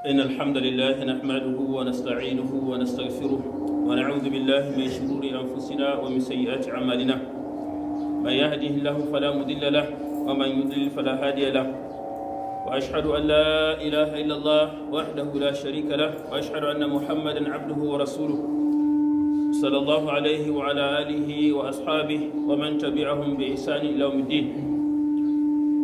إن الحمد لله نحمده ونستعينه ونستغفره ونعوذ بالله من شرور أنفسنا ومن سيئات أعمالنا من يهده الله فلا مضل له ومن يضلل فلا هادي له وأشهد أن لا إله إلا الله وحده لا شريك له وأشهد أن محمدا عبده ورسوله صلى الله عليه وعلى آله وأصحابه ومن تبعهم بإحسان إلى يوم الدين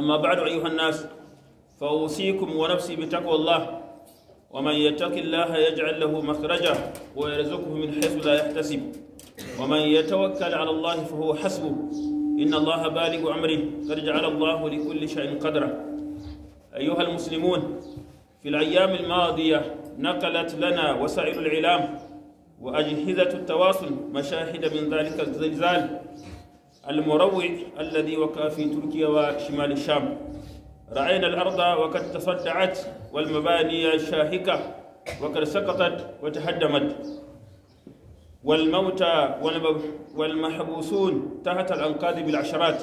أما بعد أيها الناس فأوصيكم ونفسي بتقوى الله ومن يتق الله يجعل له مخرجا ويرزقه من حيث لا يحتسب ومن يتوكل على الله فهو حسبه إن الله بالغ أمره قد جعل الله لكل شيء قدرا أيها المسلمون في الأيام الماضية نقلت لنا وسائل الإعلام وأجهزة التواصل مشاهد من ذلك الزلزال المروع الذي وقع في تركيا وشمال الشام رأينا الأرض وقد تصدعت والمباني الشاهكة وقد سقطت وتهدمت والموتى والمحبوسون تحت الأنقاض بالعشرات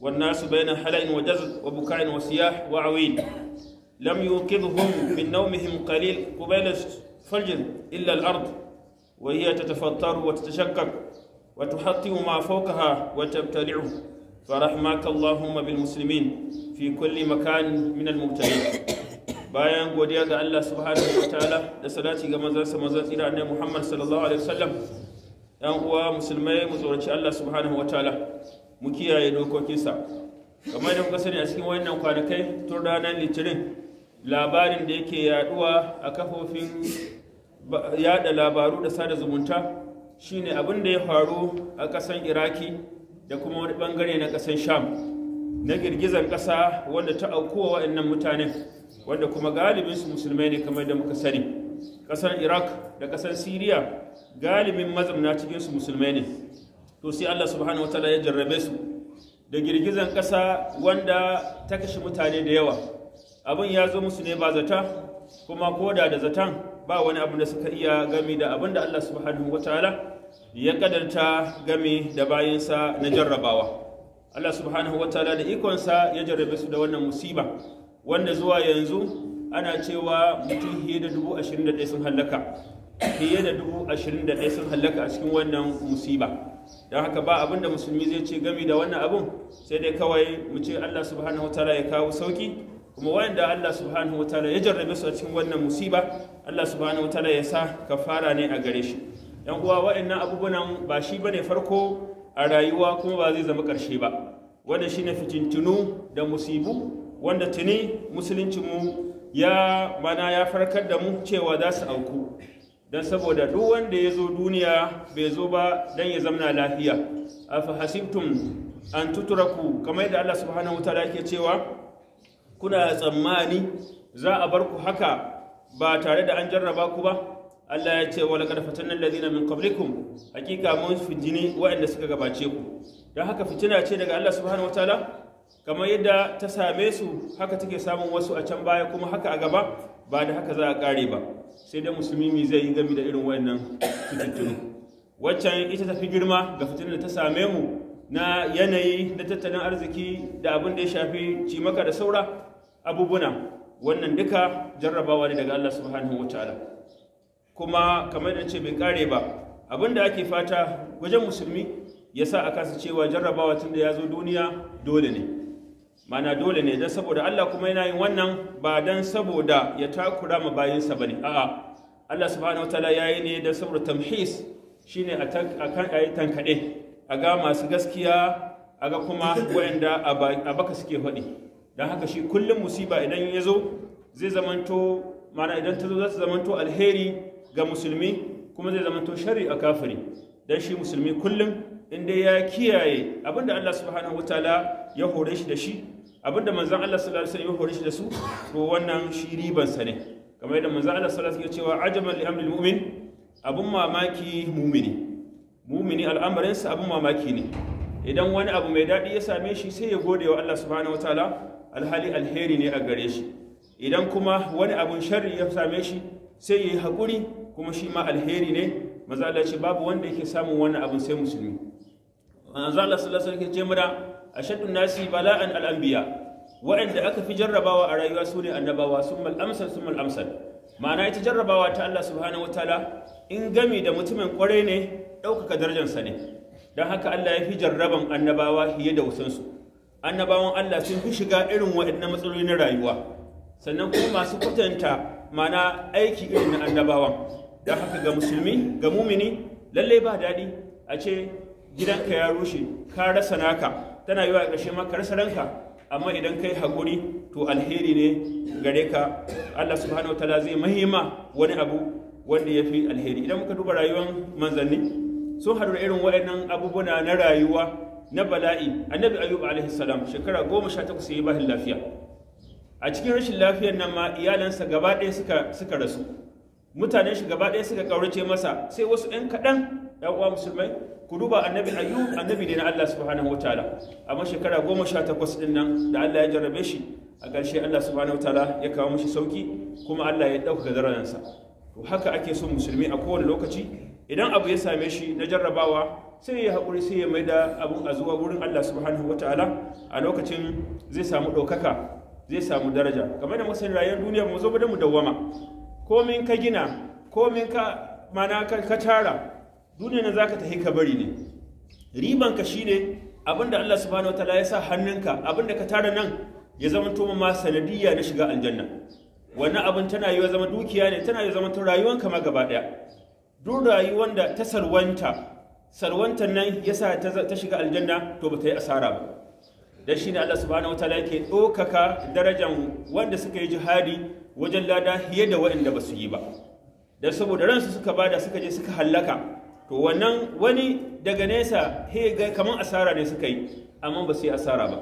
والناس بين حلاء وجزر وبكاء وسياح وعويل لم يوقظهم من نومهم قليل قبيل فجر إلا الأرض وهي تتفطر وتتشقق وتحطم ما فوقها وتبتلعه فرحمك اللهم بالمسلمين في كل مكان من المبتلين bayan godiya ga Allah subhanahu wa ta'ala da salati ga manzansa manzan tsira annabi Muhammad sallallahu alaihi wasallam yan uwa musulmai mu tsoraci Allah subhanahu wa ta'ala mu kiyaye dokokinsa kamar da muka sani a cikin wannan kwanakai tun ranar litinin labarin da yake yaduwa a kafofin yada labaru da sada zumunta Shi ne abin da ya faru a ƙasan iraki da kuma wani ɓangare na ƙasan sham na girgizar ƙasa wanda ta aukuwa waɗannan mutane wanda kuma galibinsu musulmai ne kamar da muka sani ƙasar iraq da ƙasar siriya galibin mazamna cikinsu musulmai ne to sai allah subhanahu wa ta'ala ya jarrabe su da girgizan ƙasa wanda ta kashe mutane da yawa abin ya zo musu ne ba zata kuma koda da zatan ba wani abu da suka iya gami da abin da Allah subhanahu ta'ala ya kadanta gami da bayansa na jarrabawa Allah subhanahu ta'ala da ikonsa ya jarrabe su da wannan musiba wanda zuwa yanzu ana cewa mutum fiye da dubu ashirin da sun hallaka fiye da dubu ashirin da sun hallaka a cikin wannan musiba don haka ba abin da musulmi zai ce gami da wannan abun sai dai kawai mu ce Allah subhanahu ta'ala ya kawo sauki kuma wanda Allah subhanahu ta'ala ya jarrabe su a cikin wannan musiba Allah subhanahu wataala ya sa kafara ne a gare shi yan uwa wa'annan abubuwan ba shi bane farko a rayuwa kuma ba zai zama ƙarshe ba wanda shi shine fitintunu da musibu wanda tuni musuluncinmu ya mana ya farkar da mu cewa za su auku don saboda duk wanda ya zo duniya bai zo ba don ya zamna lafiya afa hasibtum an tuturaku kamar yadda Allah subhanahu wataala yake cewa kuna tsammani za a bar ku haka ba tare da an jarraba ku ba Allah ya ce wala fatan nan ladina min qablikum hakika mun fujini waɗanda suka gabace ku dan haka fitina ce daga Allah subhanahu wataala kamar yadda ta same su haka take samun wasu a can baya kuma haka a gaba ba da haka za a kare ba sai dai musulmi mi zai yi gami da irin wayannan fitintunu waccan ita ta fi girma ga fitinar da ta same mu na yanayi na tattalin arziki da abin da ya shafi cimaka da saura abubuwan wannan duka jarrabawa ne daga Allah subhanahu ta'ala kuma kamar da ce bai kare ba abinda ake fata wajen musulmi ya sa a kasa cewa jarrabawa tun da ya zo duniya dole ne mana dole ne don saboda Allah kuma yana yin wannan ba don saboda ya takura ma bayinsa ba ne a'a Allah subhanahu ta'ala ya yi ne don saboda tamhis shine a yi tankaɗe a ga masu gaskiya a ga kuma waɗanda a baka suke faɗi don haka shi kullum musiba idan ya zo zai zamanto mana idan ta zo za ta zamanto alheri ga musulmi kuma zai zamanto shari a kafiri don shi musulmi kullum inda ya kiyaye abinda Allah subhanahu ta'ala ya hore shi da shi abinda manzan Allah sallallahu alaihi wasallam ya hore shi da su to wannan shi ribansa ne kamar yadda manzan Allah sallallahu ya cewa ajaban li amril mamaki mumini mumini al'amarinsa abin mamaki ne idan wani abu mai daɗi ya same shi sai ya gode wa Allah subhanahu ta'ala alhali alheri ne a gare shi idan kuma wani abun sharri ya same shi sai ya yi haƙuri kuma shi ma alheri ne maza Allah ce babu wanda yake samun wannan abun sai musulmi manzo Allah sallallahu alaihi wasallam ce mura ashaddun nasi bala'an al-anbiya wa'anda aka fi jarrabawa a rayuwa su ne annabawa summal amsal summal amsal ma'ana ita jarrabawa ta Allah subhanahu wataala in gami da mutumin kwarai ne ɗaukaka darajarsa ne don haka Allah ya fi jarraban annabawa fiye da wasansu annabawan Allah sun fi shiga irin waɗannan matsaloli na rayuwa sannan kuma masu kwatanta mana aiki irin na annabawan Da haka ga musulmi ga mumini lalle ba daɗi a ce gidanka ya rushe ka rasa naka tana yiwa ƙarshe ma rasa ranka amma idan kai haƙuri to alheri ne gare ka Allah subhanahu ta'ala zai mahima wani abu wanda ya fi alheri idan muka duba rayuwar manzanni sun haɗu da irin waɗannan abubuwa na rayuwa na bala'i annabi ayyub alaihi salam shekara goma sha takwas ya bahin lafiya a cikin rashin lafiyar nan ma iyalansa gaba ɗaya suka rasu mutanen shi gaba ɗaya suka ƙaurace masa sai wasu yan kaɗan ya uwa musulmai ku duba annabi ayyub annabi ne na Allah subhanahu wataala amma shekara goma sha takwas ɗin nan da Allah ya jarrabe shi a ƙarshe Allah subhanahu wataala ya kawo mishi sauki kuma Allah ya ɗauka zararansa to haka ake son musulmi a kowane lokaci idan abu ya same shi na jarrabawa sai ya haƙuri sai ya mai da abun a zuwa wurin Allah subhanahu wa ta'ala a lokacin zai samu ɗaukaka zai samu daraja kamar da musulun rayuwar duniya mu zo da mu dawwama komin ka gina komin ka mana ka tara duniya na zaka tafi ka bari ne riban ka shine abinda Allah subhanahu wa ta'ala ya sa hannunka abinda ka tara nan ya zama to ma sanadiyya na shiga aljanna wannan abin tana yi zama dukiya ne tana yi zama to rayuwanka ma gaba daya duk rayuwar da ta salwanta. salwantar nan yasa ta shiga aljanna to ta yi asara ba dan ne Allah subhanahu wataala yake ɗaukaka darajan wanda suka yi jihadi wajen lada fiye da waɗanda ba su yi ba dan saboda ransu suka bada suka je suka hallaka to wannan wani daga nesa he ga kaman asara ne suka yi amma ba su yi asara ba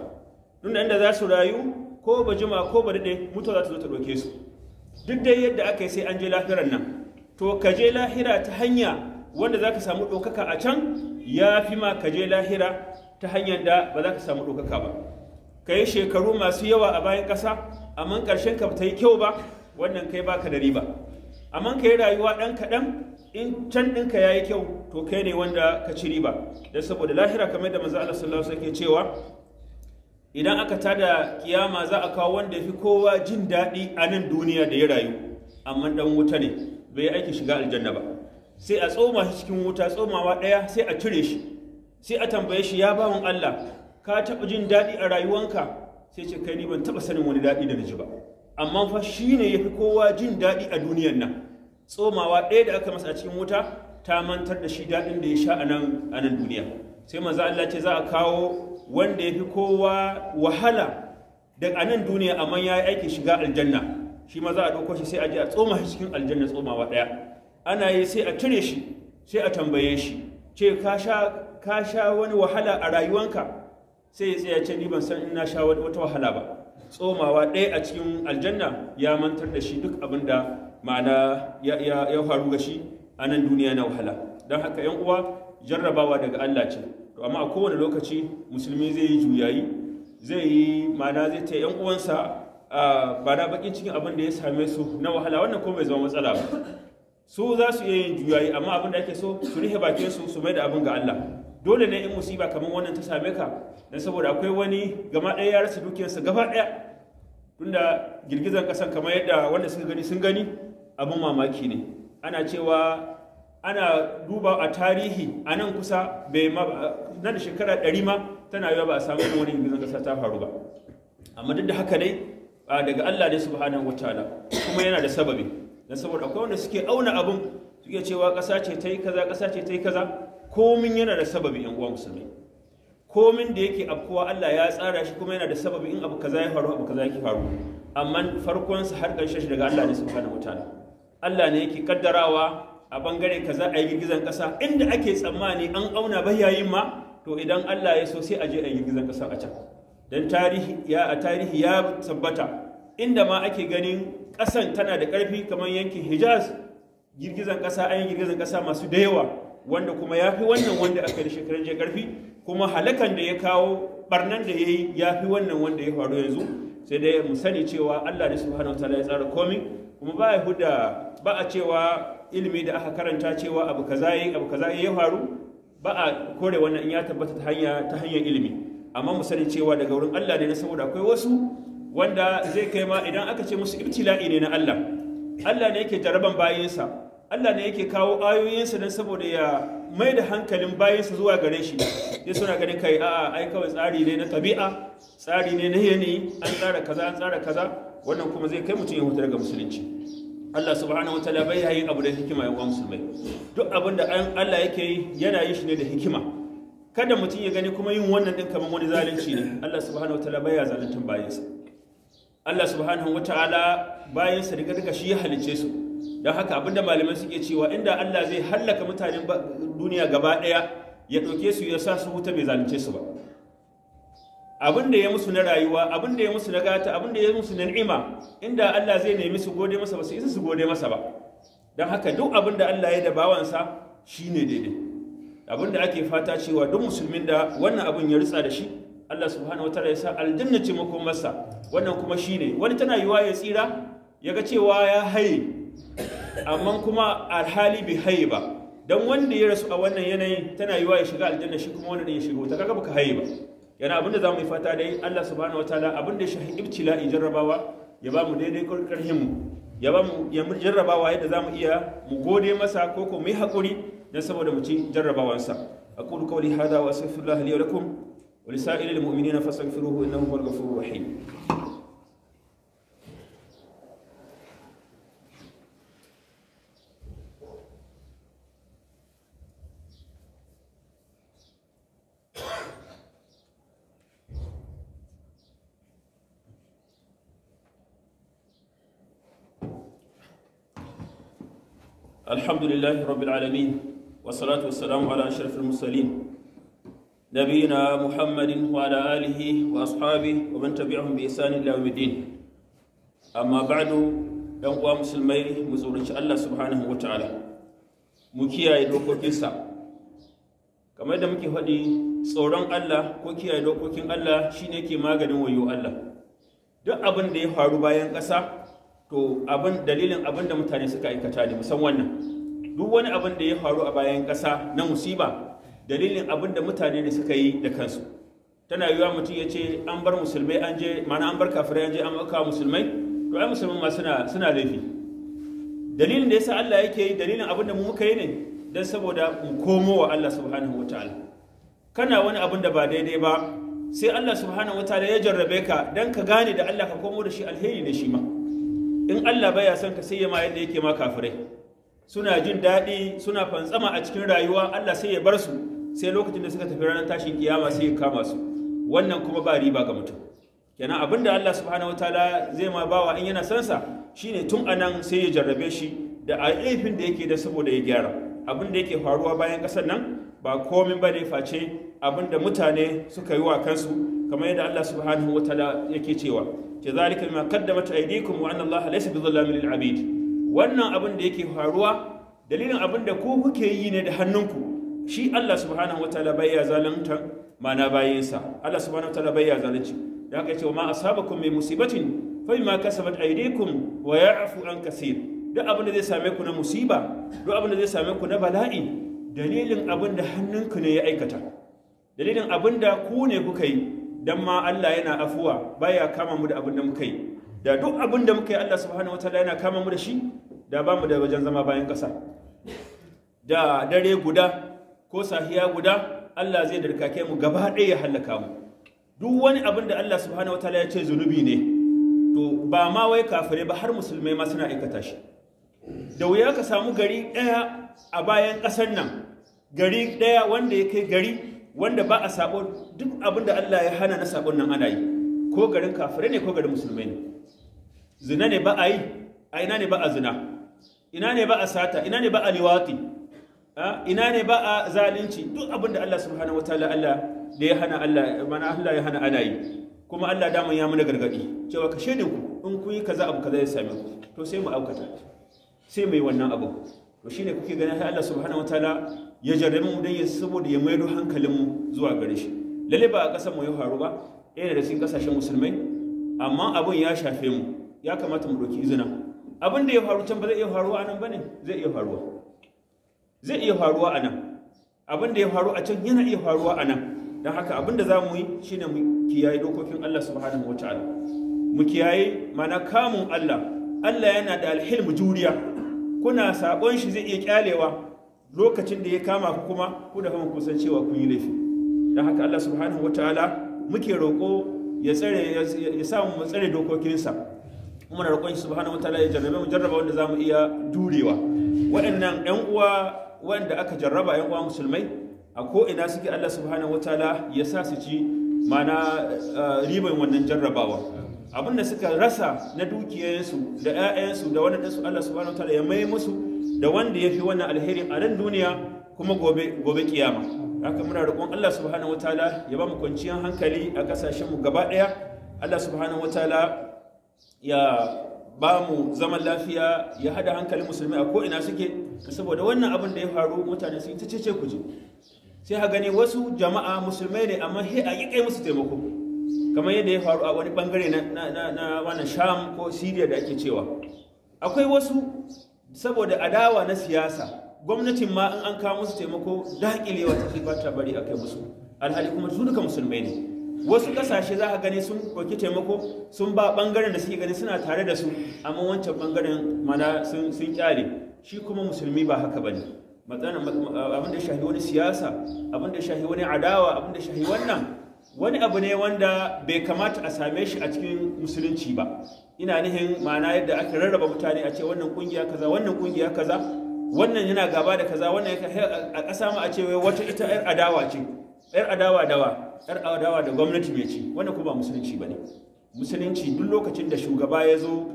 nuna inda za su rayu ko ba jima ko ba daɗe mutuwa za ta zo ta ɗauke su duk dai yadda aka yi sai an je lahirar nan to ka je lahira ta hanya wanda za ka samu ɗaukaka a can ya fi ma ka je lahira ta hanyar da ba za ka samu ɗaukaka ba ka yi shekaru masu yawa a bayan ƙasa amma ƙarshen ka ta yi kyau ba wannan kai baka da riba amma ka yi rayuwa ɗan kaɗan in can ɗinka ya yi kyau to kai ne wanda ka ci riba don saboda lahira kamar da manzo Allah sallallahu alaihi cewa idan aka tada kiyama za a kawo wanda fi kowa jin daɗi a nan duniya da ya rayu amma dan wuta ne bai aiki shiga aljanna ba sai a tsoma shi cikin wuta tsomawa ɗaya sai a cire shi sai a tambaye shi ya bawan Allah ka taɓa jin daɗi a rayuwanka sai ce kai ni ban taɓa sanin wani daɗi da na ba amma fa shi ne ya fi kowa jin daɗi a duniyar nan tsomawa ɗaya da aka masa a cikin wuta ta mantar da shi daɗin da ya sha a nan duniya sai maza Allah ce za a kawo wanda ya fi kowa wahala da a nan duniya amma ya yi aiki shiga aljanna shi ma za a ɗauko shi sai a je a tsoma shi cikin aljanna tsomawa ɗaya ana yi sai a cire shi sai a tambaye shi ce ka sha wani wahala a rayuwanka sai ya tsaye ce ni ban san ina sha wata wahala ba tsomawa ɗaya a cikin aljanna ya mantar da shi duk abin da ma'ana ya faru ga shi a nan duniya na wahala don haka yan uwa jarrabawa daga Allah ce to amma a kowane lokaci musulmi zai yi juyayi zai yi ma'ana zai ta yan uwansa ba na bakin cikin abin da ya same su na wahala wannan ko bai zama matsala ba su za su iya yin juyayi amma abin da ake so su rihe bakin su su mai da abin ga Allah dole ne in musiba kamar wannan ta same ka dan saboda akwai wani gama ɗaya ya rasa dukiyarsa gaba ɗaya tunda girgizar kasan kamar yadda wanda suka gani sun gani abin mamaki ne ana cewa ana duba a tarihi a nan kusa bai ma na shekara ɗari ma tana yawa ba a samu wani girgizar kasa ta faru ba amma duk da haka ne daga Allah ne subhanahu wataala kuma yana da sababi Na saboda akwai wanda suke auna abun suke cewa ƙasa ce ta yi kaza ƙasa ce ta yi kaza komin yana da sababi yan uwa musulmi komin da yake afkuwa Allah ya tsara shi kuma yana da sababi in abu kaza ya faru abu kaza yake faru amma farkon sa har ƙarshen shi daga Allah ne subhanahu wataala Allah ne yake kaddarawa a bangare kaza a yi girgizan ƙasa inda ake tsammani an auna bayayin ma to idan Allah ya so sai a je a yi girgizan ƙasa a can dan tarihi ya a tarihi ya tabbata inda ma ake ganin ƙasan tana da ƙarfi kamar yankin hijaz girgizan ƙasa an yi girgizan ƙasa masu da yawa wanda kuma ya fi wannan wanda aka yi shekaran jiya ƙarfi kuma halakan da ya kawo barnan da ya yi ya fi wannan wanda ya faru yanzu sai dai mu sani cewa allah da subhanahu wa ta'ala tsara komi kuma ba ya huda ba a cewa ilimi da aka karanta cewa abu kaza yi abu kaza ya faru ba a kore wannan in ya tabbata ta hanya ta hanyar ilimi amma mu sani cewa daga wurin allah ne na saboda akwai wasu wanda zai kai ma idan aka ce musu ibtila'i ne na Allah Allah ne yake jaraban bayinsa Allah ne yake kawo ayoyinsa don saboda ya mai da hankalin bayinsa zuwa gare shi sai suna ganin kai a ai kawai tsari ne na tabi'a tsari ne na yanayi an tsara kaza an tsara kaza wannan kuma zai kai mutum ya huta daga musulunci Allah subhanahu ta'ala bai yayi abu da hikima ya musulmai duk abin da Allah yake yi yana yi shi ne da hikima kada mutum ya gani kuma yin wannan din kamar wani zalunci ne Allah subhanahu ta'ala bai ya zaluntin bayinsa Allah subhanahu wa ta'ala bayan su riga riga shi ya halice su don haka abinda malamai suke cewa inda Allah zai hallaka mutanen duniya gaba ɗaya ya ɗauke su ya sa su huta bai zalunce su ba abin ya musu na rayuwa abin da ya musu na gata abin ya musu na ni'ima inda Allah zai nemi su gode masa ba su isa su gode masa ba don haka duk abinda Allah ya da bawansa shine daidai Abinda ake fata cewa duk musulmin da wannan abin ya ritsa da shi Allah subhanahu wataala ya sa aljanna ce masa. wannan kuma shine wani tana yiwa ya tsira ya ga cewa ya haye amma kuma alhali bai haye ba dan wanda ya rasu a wannan yanayin tana yiwa ya shiga aljanna shi kuma wanda ya shiga ta kaga baka haye ba yana abinda zamu yi fata dai Allah subhanahu wataala abinda ya shahi ibtila'i jarrabawa ya ba mu daidai karhin mu ya ba mu ya jarrabawa yadda zamu iya mu gode masa ko ko mu yi hakuri dan saboda mu ci jarrabawansa aqulu qawli hadha wa ولسائر المؤمنين فاستغفروه إنه هو الغفور الرحيم الحمد لله رب العالمين والصلاة والسلام على أشرف المرسلين نبينا محمد وعلى آله وأصحابه ومن تبعهم بإحسان إلى يوم الدين أما بعد ɗan musulmai mu tsoraci Allah subhanahu wa ta'ala mu kiyaye dokokinsa kamar da muke faɗi tsoron Allah ko kiyaye dokokin Allah shine ke maganin wayo Allah duk abin da ya faru bayan ƙasa to abin dalilin abin da mutane suka aikata ne musan wannan duk wani abin da ya faru a bayan ƙasa na musiba dalilin abin da mutane ne suka yi da kansu tana yiwuwa mutum ya ce an bar musulmai an je mana an bar kafirai an je an aka musulmai to ai musulmai ma suna suna laifi dalilin da yasa Allah yake yi dalilin abin da mu muka yi ne dan saboda mu komo wa Allah subhanahu wataala kana wani abin da ba daidai ba sai Allah subhanahu wataala ya jarrabe ka dan ka gane da Allah ka komo da shi alheri ne shi ma in Allah baya son ka sai ya ma yadda yake ma kafirai suna jin daɗi suna fantsama a cikin rayuwa Allah sai ya bar su sai lokacin da suka tafi ranar tashin kiyama sai ya kama su wannan kuma ba riba ga mutum kenan abin da Allah subhanahu wataala zai ma bawa in yana san sa shine tun anan sai ya jarrabe shi da alifin da yake da saboda ya gyara abin da yake faruwa bayan kasar nan ba komin bane face abin da mutane suka yi wa kansu kamar yadda Allah subhanahu wataala yake cewa ke zalika ma qaddamat aydikum wa anna Allah laysa bizallamin lil abid wannan abin da yake faruwa dalilin abin da ku kuke yi ne da hannunku shi Allah subhanahu bai baya zalunta mana bayinsa Allah subhanahu bai ya zalunci da aka ce wa ma asabakum min musibatin fa bima kasabat aydikum wa ya'fu an kaseer duk abin da zai same ku na musiba duk abin da zai same ku na bala'i dalilin abin da hannunku ne ya aikata dalilin abin da ku ne kuka yi dan ma Allah yana afuwa baya kama mu da abin da muka yi da duk abin da muka yi Allah subhanahu ta'ala yana kama mu da shi da ba mu da wajen zama bayan kasa da dare guda ko sahiya guda Allah zai darkake mu gaba ɗaya ya hallaka mu duk wani abin da Allah subhanahu wataala ya ce zunubi ne to ba ma wai kafire ba har musulmai ma suna aikata shi da wuya ka samu gari ɗaya a bayan ƙasar nan gari ɗaya wanda ya kai gari wanda ba a sabo duk abin da Allah ya hana na sabon nan ana yi ko garin kafire ne ko garin musulmai ne zina ne ba a yi a ina ne ba a zina ina ne ba a sata ina ne ba a liwati ina ne ba a zalunci duk abin da Allah subhanahu wataala Allah da ya hana Allah mana Allah ya hana ana yi kuma Allah dama ya mana gargadi cewa kashe ne ku in ku yi kaza abu kaza ya same ku to sai mu aukata sai mu yi wannan abu to shine kuke ganin Allah subhanahu wataala ya jarre mu dan ya saboda ya maido hankalin mu zuwa gare shi lalle ba a kasar mu ya faru ba yana da cikin kasashen musulmai amma abun ya shafe mu ya kamata mu doki izina abin da ya faru can ba zai iya faruwa nan bane zai iya faruwa zai iya faruwa a nan abin da ya faru a can yana iya faruwa a nan don haka abin da za mu yi shine mu kiyaye dokokin Allah subhanahu ta'ala mu kiyaye mana kamun Allah Allah yana da alhilmu juriya kuna sabon shi zai iya kyalewa lokacin da ya kama ku kuma ku da kuma kusan cewa kun yi laifi don haka Allah subhanahu ta'ala muke roƙo ya tsare ya samu mu tsare dokokinsa muna roƙon shi subhanahu ta'ala ya jarrabe mu jarraba wanda zamu iya durewa waɗannan ƴan uwa wanda aka jarraba yan uwa musulmai a ko ina suke Allah subhanahu wataala ya sa su ci mana eh, riban wannan jarrabawa abin da suka rasa na dukiyoyinsu da 'ya'yansu da wannan su Allah subhanahu wataala ya mai musu da wanda ya fi wannan alheri a nan duniya kuma gobe gobe kiyama haka muna roƙon Allah subhanahu wataala ya ba mu kwanciyar hankali a kasashen mu gaba ɗaya Allah subhanahu wataala ya ba mu zaman lafiya ya hada hankalin musulmi a ko'ina suke saboda wannan abin da ya faru mutane su ta cece kuje sai ha gani wasu jama'a musulmai ne amma he a yi kai musu taimako kamar yadda ya faru a wani bangare na wani sham ko siriya da ake cewa akwai wasu saboda adawa na siyasa gwamnatin ma in an kawo musu taimako daƙilewa ta ba ta bari a kai musu alhali kuma su duka musulmai ne wasu kasashe za a gani sun ɗauki taimako sun ba ɓangaren da suke gani suna tare da su amma wancan ɓangaren mana sun kyale shi kuma musulmi ba haka ba ne abin da shahi wani siyasa abin da shahi wani adawa abin da shahi wannan wani abu ne wanda bai kamata a same shi a cikin musulunci ba ina nihin ma'ana yadda aka rarraba mutane a ce wannan kungiya kaza wannan kungiya kaza wannan yana gaba da kaza wannan a kasa ma a ce wata ita 'yar adawa ce yar adawa dawa yar adawa da gwamnati mai ci wannan kuma ba musulunci ba ne musulunci duk lokacin da shugaba ya zo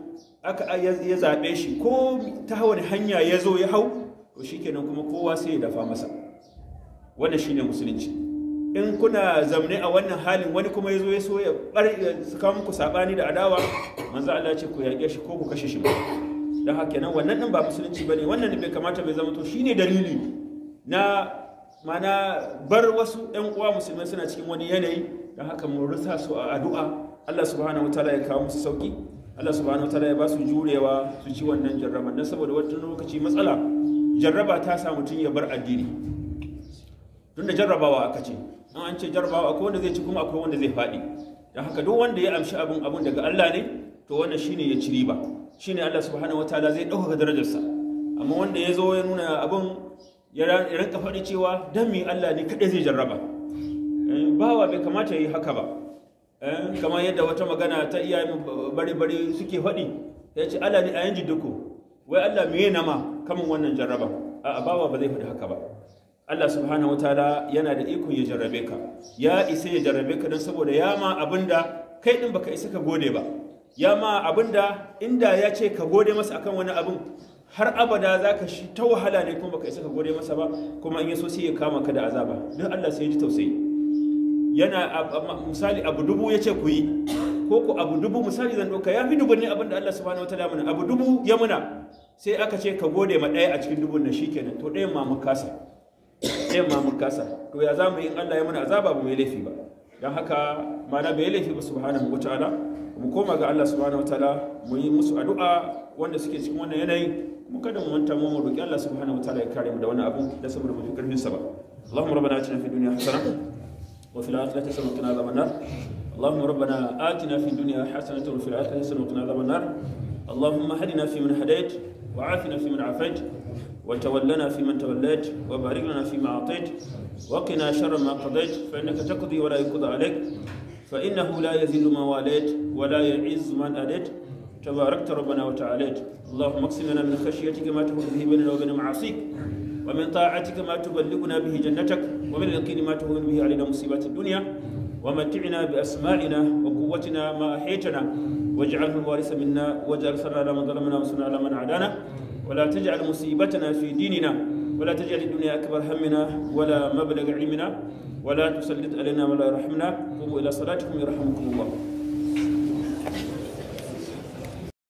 aka ya zaɓe shi ko ta wani hanya ya zo ya hau to shikenan kuma kowa sai ya dafa masa shi shine musulunci in kuna zamne a wannan halin wani kuma ya zo ya so ya kawo muku saɓani da adawa manzo Allah ce ku yaƙe shi ko ku kashe shi ba don haka kenan wannan din ba musulunci ba ne wannan bai kamata bai zama to shine dalili na mana bar wasu yan uwa musulmai suna cikin wani yanayi don haka mu su a addu'a Allah subhanahu ta'ala ya kawo musu sauki Allah subhanahu ta'ala ya ba su jurewa su ci wannan jarraba dan saboda wata lokaci matsala jarraba ta sa mutum ya bar addini da jarrabawa aka ce in an ce jarrabawa akwai wanda zai ci kuma akwai wanda zai faɗi don haka duk wanda ya amshi abun abun daga Allah ne to wannan shine ya ci riba shine Allah subhanahu ta'ala zai ɗaukaka darajarsa amma wanda ya zo ya nuna abun ya rinka faɗi cewa don mai Allah ne kaɗai zai jarraba eh, bawa bai kamata ya yi haka ba eh, kamar yadda wata magana ta iyayen bari-bari suke faɗi ya ce Allah ne a yanji duku wai Allah mai nama kamun wannan jarraba a bawa ba zai faɗi haka ba Allah subhanahu wataala yana da ikon ya jarrabe ka ya isa ya jarrabe ka don saboda ya ma abinda kai din baka isa ka gode ba ya ma da inda ya ce ka gode masa akan wani abin har abada za ka shi ta wahala ne kuma baka isa ka gode masa ba kuma in yaso sai ya kama ka da azaba don Allah sai ya ji tausayi yana misali abu dubu ya ce ku yi ko ku abu dubu misali zan ɗauka ya fi ne abin da Allah subhanahu wataala mana abu dubu ya muna sai aka ce ka gode ma ɗaya a cikin dubun nan shikenan to ɗayan ma mun kasa ɗayan ma kasa to ya za mu yi in Allah ya muna azaba ba mu yi laifi ba don haka mana bai laifi ba subhanahu wataala mu koma ga Allah subhanahu wataala mu yi musu addu'a wanda suke cikin wannan yanayin mu kada mu manta الله سبحانه وتعالى كريم دوانا أبو لا mu da wani abu اللهم ربنا اتنا في الدنيا حسنه وفي الاخره حسنه وقنا عذاب النار اللهم ربنا اتنا في الدنيا حسنه وفي الاخره حسنه وقنا عذاب النار اللهم هدنا من هديت وعافنا من عافيت وتولنا من توليت وبارك لنا فيما اعطيت وقنا شر ما قضيت فانك تقضي ولا يقضى عليك فانه لا يذل ما واليت ولا يعز من اليت تباركت ربنا وتعاليت اللهم اقسم لنا من خشيتك ما تهون به بيننا وبين معاصيك ومن طاعتك ما تبلغنا به جنتك ومن اليقين ما تهون به علينا مصيبات الدنيا ومتعنا بأسمائنا وقوتنا ما أحيتنا واجعله الوارث منا واجعل ثرنا على من ظلمنا وانصرنا على من عادانا ولا تجعل مصيبتنا في ديننا ولا تجعل الدنيا أكبر همنا ولا مبلغ علمنا ولا تسلط علينا ولا يرحمنا قوموا إلى صلاتكم يرحمكم الله